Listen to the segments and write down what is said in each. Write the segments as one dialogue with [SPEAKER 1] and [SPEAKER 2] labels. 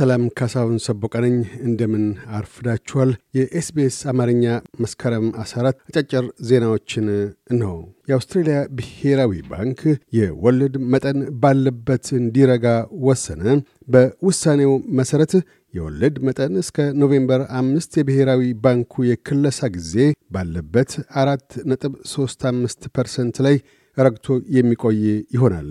[SPEAKER 1] ሰላም ካሳውን ሰቦቀነኝ እንደምን አርፍዳችኋል። የኤስቢኤስ አማርኛ መስከረም 14 አጫጭር ዜናዎችን ነው። የአውስትሬልያ ብሔራዊ ባንክ የወለድ መጠን ባለበት እንዲረጋ ወሰነ። በውሳኔው መሠረት የወለድ መጠን እስከ ኖቬምበር አምስት የብሔራዊ ባንኩ የክለሳ ጊዜ ባለበት አራት ነጥብ ሦስት አምስት ፐርሰንት ላይ ረግቶ የሚቆይ ይሆናል።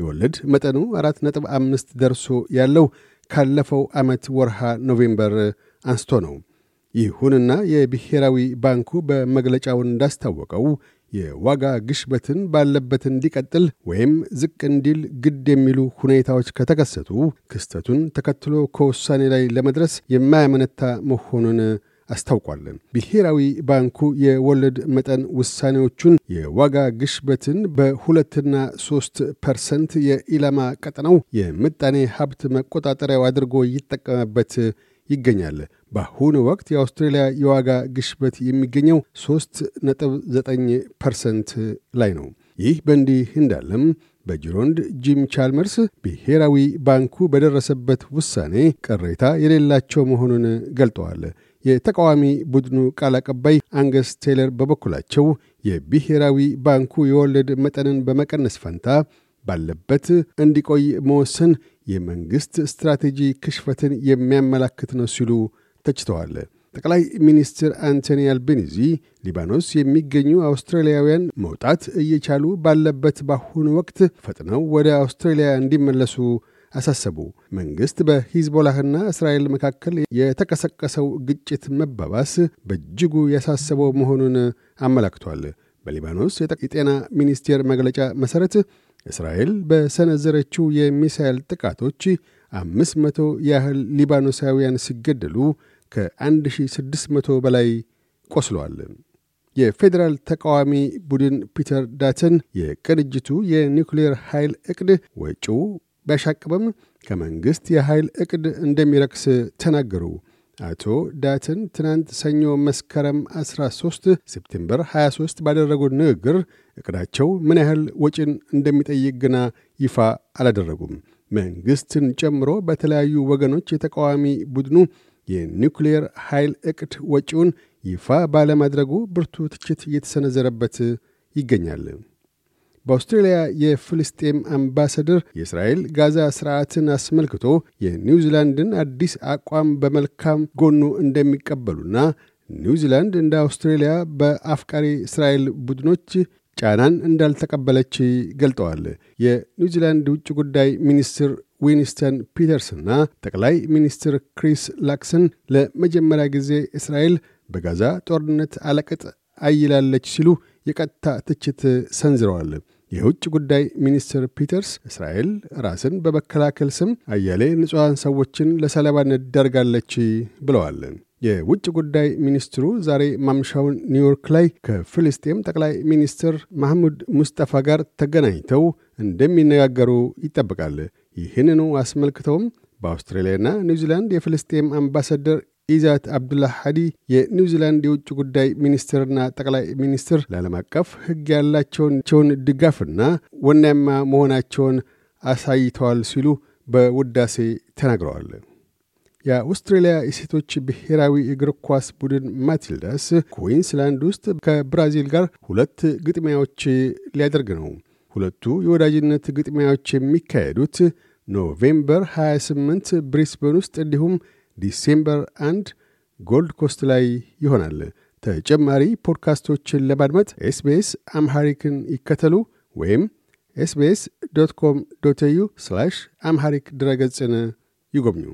[SPEAKER 1] የወለድ መጠኑ አራት ነጥብ አምስት ደርሶ ያለው ካለፈው ዓመት ወርሃ ኖቬምበር አንስቶ ነው። ይሁንና የብሔራዊ ባንኩ በመግለጫው እንዳስታወቀው የዋጋ ግሽበትን ባለበት እንዲቀጥል ወይም ዝቅ እንዲል ግድ የሚሉ ሁኔታዎች ከተከሰቱ ክስተቱን ተከትሎ ከውሳኔ ላይ ለመድረስ የማያመነታ መሆኑን አስታውቋል። ብሔራዊ ባንኩ የወለድ መጠን ውሳኔዎቹን የዋጋ ግሽበትን በሁለትና ሶስት ፐርሰንት የኢላማ ቀጠናው የምጣኔ ሀብት መቆጣጠሪያው አድርጎ ይጠቀምበት ይገኛል። በአሁኑ ወቅት የአውስትሬልያ የዋጋ ግሽበት የሚገኘው 3 ነጥብ 9 ፐርሰንት ላይ ነው። ይህ በእንዲህ እንዳለም በጅሮንድ ጂም ቻልመርስ ብሔራዊ ባንኩ በደረሰበት ውሳኔ ቅሬታ የሌላቸው መሆኑን ገልጠዋል። የተቃዋሚ ቡድኑ ቃል አቀባይ አንገስ ቴይለር በበኩላቸው የብሔራዊ ባንኩ የወለድ መጠንን በመቀነስ ፈንታ ባለበት እንዲቆይ መወሰን የመንግሥት ስትራቴጂ ክሽፈትን የሚያመላክት ነው ሲሉ ተችተዋል። ጠቅላይ ሚኒስትር አንቶኒ አልቤኒዚ ሊባኖስ የሚገኙ አውስትራሊያውያን መውጣት እየቻሉ ባለበት በአሁኑ ወቅት ፈጥነው ወደ አውስትራሊያ እንዲመለሱ አሳሰቡ። መንግሥት በሂዝቦላህና እስራኤል መካከል የተቀሰቀሰው ግጭት መባባስ በእጅጉ ያሳሰበው መሆኑን አመላክቷል። በሊባኖስ የጤና ሚኒስቴር መግለጫ መሠረት እስራኤል በሰነዘረችው የሚሳኤል ጥቃቶች አምስት መቶ ያህል ሊባኖሳውያን ሲገደሉ ከ1600 በላይ ቆስለዋል። የፌዴራል ተቃዋሚ ቡድን ፒተር ዳተን የቅንጅቱ የኒውክሌር ኃይል ዕቅድ ወጪው ቢያሻቅብም ከመንግሥት የኃይል ዕቅድ እንደሚረክስ ተናገሩ። አቶ ዳትን ትናንት ሰኞ መስከረም 13 ሴፕቴምበር 23 ባደረጉት ንግግር ዕቅዳቸው ምን ያህል ወጪን እንደሚጠይቅ ግና ይፋ አላደረጉም። መንግሥትን ጨምሮ በተለያዩ ወገኖች የተቃዋሚ ቡድኑ የኒውክሌር ኃይል እቅድ ወጪውን ይፋ ባለማድረጉ ብርቱ ትችት እየተሰነዘረበት ይገኛል። በአውስትሬልያ የፍልስጤም አምባሳደር የእስራኤል ጋዛ ሥርዓትን አስመልክቶ የኒውዚላንድን አዲስ አቋም በመልካም ጎኑ እንደሚቀበሉና ኒውዚላንድ እንደ አውስትሬልያ በአፍቃሪ እስራኤል ቡድኖች ጫናን እንዳልተቀበለች ገልጠዋል። የኒውዚላንድ ውጭ ጉዳይ ሚኒስትር ዊንስተን ፒተርስና ጠቅላይ ሚኒስትር ክሪስ ላክሰን ለመጀመሪያ ጊዜ እስራኤል በጋዛ ጦርነት አለቅጥ አይላለች ሲሉ የቀጥታ ትችት ሰንዝረዋል። የውጭ ጉዳይ ሚኒስትር ፒተርስ እስራኤል ራስን በመከላከል ስም አያሌ ንጹሐን ሰዎችን ለሰለባነት ደርጋለች ብለዋል። የውጭ ጉዳይ ሚኒስትሩ ዛሬ ማምሻውን ኒውዮርክ ላይ ከፊልስጤም ጠቅላይ ሚኒስትር ማህሙድ ሙስጠፋ ጋር ተገናኝተው እንደሚነጋገሩ ይጠበቃል። ይህንኑ አስመልክተውም በአውስትራሊያና ኒውዚላንድ የፍልስጤም አምባሳደር ኢዛት አብዱላ ሐዲ የኒውዚላንድ የውጭ ጉዳይ ሚኒስትርና ጠቅላይ ሚኒስትር ለዓለም አቀፍ ሕግ ያላቸውን ድጋፍና ወናማ መሆናቸውን አሳይተዋል ሲሉ በውዳሴ ተናግረዋል። የአውስትሬልያ የሴቶች ብሔራዊ እግር ኳስ ቡድን ማቲልዳስ ኩዊንስላንድ ውስጥ ከብራዚል ጋር ሁለት ግጥሚያዎች ሊያደርግ ነው። ሁለቱ የወዳጅነት ግጥሚያዎች የሚካሄዱት ኖቬምበር 28 ብሪስበን ውስጥ እንዲሁም ዲሴምበር 1 ጎልድ ኮስት ላይ ይሆናል። ተጨማሪ ፖድካስቶችን ለማድመጥ ኤስቤስ አምሐሪክን ይከተሉ ወይም ኤስቤስ ዶት ኮም ዶት ኤዩ አምሐሪክ ድረገጽን ይጎብኙ።